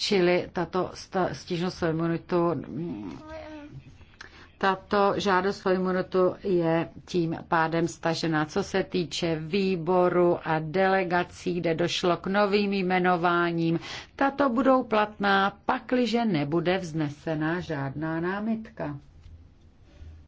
Čili tato stížnost o imunitu, tato žádost o imunitu je tím pádem stažená. Co se týče výboru a delegací, kde došlo k novým jmenováním, tato budou platná, pakliže nebude vznesena žádná námitka.